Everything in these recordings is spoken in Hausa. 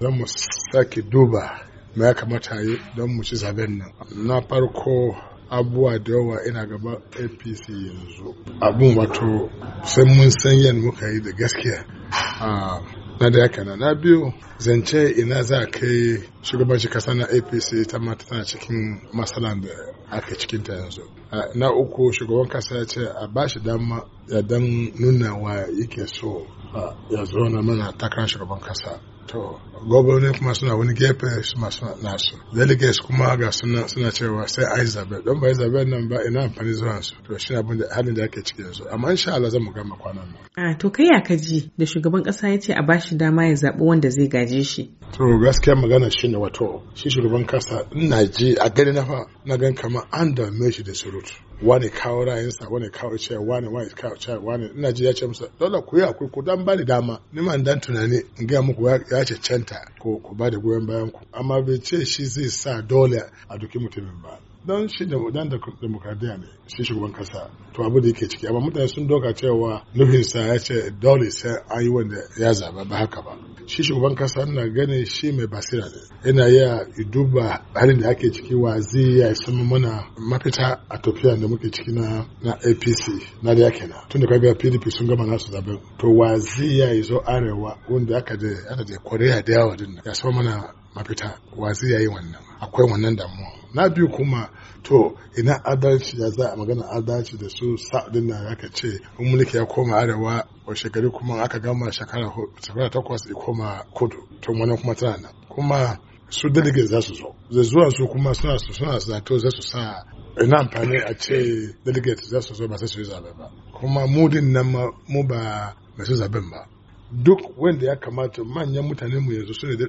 zan mu sake duba ma ya kamata yi don mu ci zaben nan na farko abubuwa da yawa ina gaba apc yanzu abun wato sai mun san yadda muka yi da gaskiya ah, na da yaka na biyu zance ina za kai shugabanci kasa na apc ta mata tana cikin matsalan da aka cikin ta yanzu ah, na uku shugaban kasa ya ce a ba shi dama ya dan nuna wa yake so ah, ya zo na mana takarar shugaban kasa to gwamnoni kuma suna wani gefe su masu nasu delegates kuma ga suna cewa sai a don ba yi nan ba ina amfani zuwa su to shi abin da halin da ake ciki yanzu amma insha Allah zan mu gama kwanan nan a ah, to kai ya kaji da shugaban kasa ya ce a bashi dama ya zabi wanda zai gaje shi to gaskiya magana shi ne wato shi shugaban kasa ina ji a gani na fa na gan kamar an dame shi da surutu wani kawo ra'ayinsa wani kawo cewa wani wani kawo cewa wani ina ji ya ce musa dole ku yi akwai ku dan bani dama ni ma dan tunani in gaya muku ya cancanta ko ku ba da goyon bayan ku amma bai ce shi zai sa dole a duki mutumin ba don shi da dan da demokradiya ne shi shugaban kasa to abu da yake ciki amma mutane sun doka cewa nufinsa ya ce dole sai an yi wanda ya zaba ba haka ba shi shugaban kasa na gane shi mai basira ne yana iya duba halin da ake ciki wa zai ya mana mafita a tafiya da muke ciki na na apc na da na tun da kaga pdp sun gama nasu zaben to wa zai ya zo arewa wanda aka da aka da koreya da yawa din ya sa mana mafita wa zai yi wannan akwai wannan damuwa na biyu kuma to ina adalci ya za a magana adalci da su sa'adin na aka ce in mulki ya koma arewa a shekaru kuma aka gama shekara takwas ya koma kudu to wani kuma tana nan kuma su dalige za su zo da su kuma suna su suna zato za su sa ina amfani a ce dalige za su zo ba sai su yi zabe ba kuma mudin nan mu ba masu zaben ba duk wanda ya kamata manyan mutane mu yanzu su ne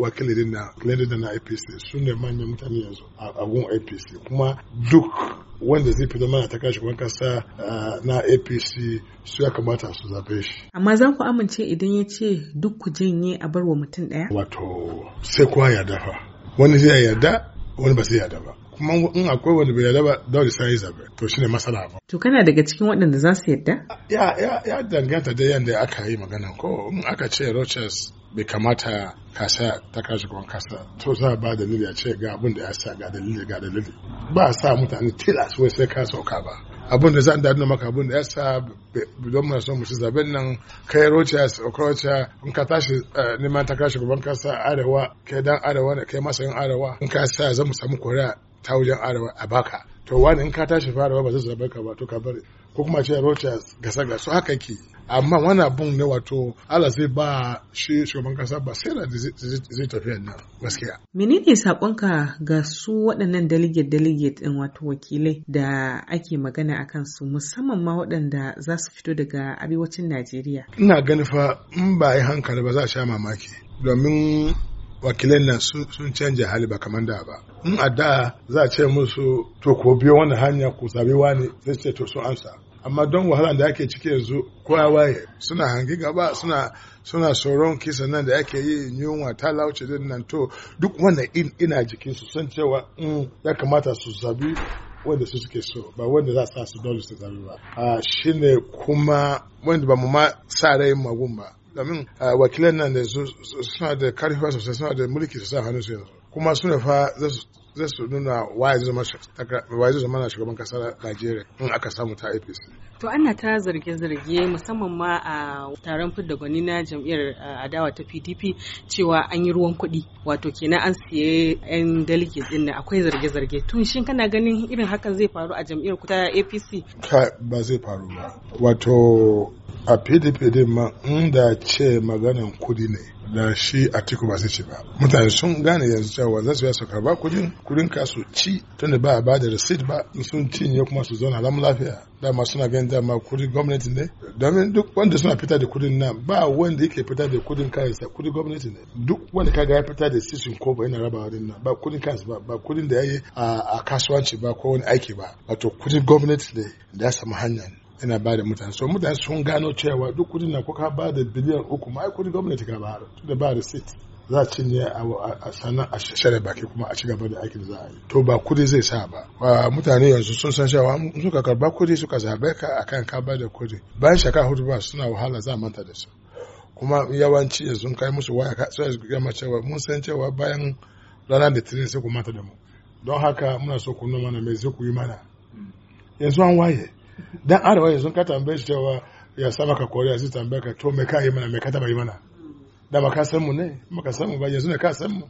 wakilin na da na apc su ne manyan mutane yanzu a gun apc kuma duk wanda zai fito mana ta kashi kasa na apc su ya kamata su zabe shi amma za ku amince idan ya ce duk ku janye a bar wa mutum ɗaya wato sai kuwa ya dafa wani zai yarda wani ba zai yarda ba kuma in akwai wani bai yarda ba dole sai zabe to shine masala ba to kana daga cikin waɗanda za su yarda ya ya ya danganta da yanda aka yi magana ko in aka ce roches. bai kamata kasa ta kashe kuma kasa to za ba dalili a ce ga abin da ya sa ga dalili ga dalili ba sa mutane tilas wai sai ka sauka ba abin da za a dadin maka abin da ya sa don so son mushi zaben nan kai rochas okrocha in ka tashi eh, neman ta kashi gaban kasa arewa kai dan arewa ne kai yin arewa in ka sa za mu samu koriya ta wajen arewa a baka to wani in ka tashi farawa ba zai zabe ka ba to ka bari ko kuma ce Rochas gasa gasu haka ke amma wani abun ne wato Allah zai ba shi shugaban kasa ba sai da zai tafi nan gaskiya. Menene sakonka ga su waɗannan delegate delegate din wato wakilai da ake magana a su musamman ma waɗanda za su fito daga arewacin Najeriya? Ina ganin fa in ba yi hankali ba za a sha mamaki domin wakilan nan sun canja hali ba kamar da ba in a da za a ce musu to ko biyo wani hanya ku zabi wani sai ce to sun amsa amma don wahala da ake ciki yanzu kowa waye suna hangi gaba suna suna tsoron kisa nan da ake yi yunwa talauci din nan to duk wannan in ina jikin su san cewa in ya kamata su zabi wanda su suke so ba wanda za su su dole su zabi ba a shine kuma wanda ba mu ma sa rai magun ba domin wakilan nan da suna da karfi sosai suna da mulki sosai a hannun su yanzu kuma suna fa zai su nuna waye zai zama na shugaban kasar Najeriya in aka samu ta APC. To ana ta zarge-zarge musamman ma a taron fidda gwani na jam'iyyar adawa ta PDP cewa an yi ruwan kuɗi wato kenan an siye 'yan delegates din akwai zarge-zarge tun shin kana ganin irin hakan zai faru a jam'iyyar ku ta APC? Ba zai faru ba. Wato a fidifidi ma inda ce maganan kudi ne da shi a tiku ba su ci ba mutane sun gane yanzu cewa za su ya su ba kudin kudin ka su ci da ba a ba da receipt ba sun cinye kuma su zauna lamun lafiya dama suna gani dama kudi gwamnati ne domin duk wanda suna fita da kudin nan ba wanda yake fita da kudin sa kudin gwamnati ne duk wanda kaga ya fita da sisin ko ba yana raba wurin nan ba kudin kansa ba ba kudin da yayi a kasuwanci ba ko wani aiki ba wato kudin gwamnati ne da ya samu hanya Ina ba da mutane so mutane sun gano cewa duk kudi na kuka ba da biliyan uku ma kudin gwamnati ka ba da ba da state za a cinye a sannan a shashare baki kuma a ci gaba da aikin za a yi to ba kudi zai sa ba mutane yanzu sun san cewa suka karba kudi suka zabe ka akan ka ba da kudi bayan shekara hudu ba suna wahala za a manta da su kuma yawanci yanzu kai musu waya ka sai gama cewa mun san cewa bayan ranar da tirin sai ku manta da mu don haka muna so ku nuna mana mai zai ku yi mana mm. yanzu an waye dan arewa sun ka tambaye shi cewa ya sama ka koriya zai tambaye ka to me ka yi mana me ka taba yi mana da ba ka san mu ne ka san mu ba yanzu ne ka san mu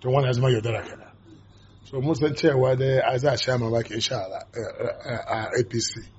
to wannan ya dara kana so mun san cewa dai a za a sha baki insha Allah eh, eh, eh, a APC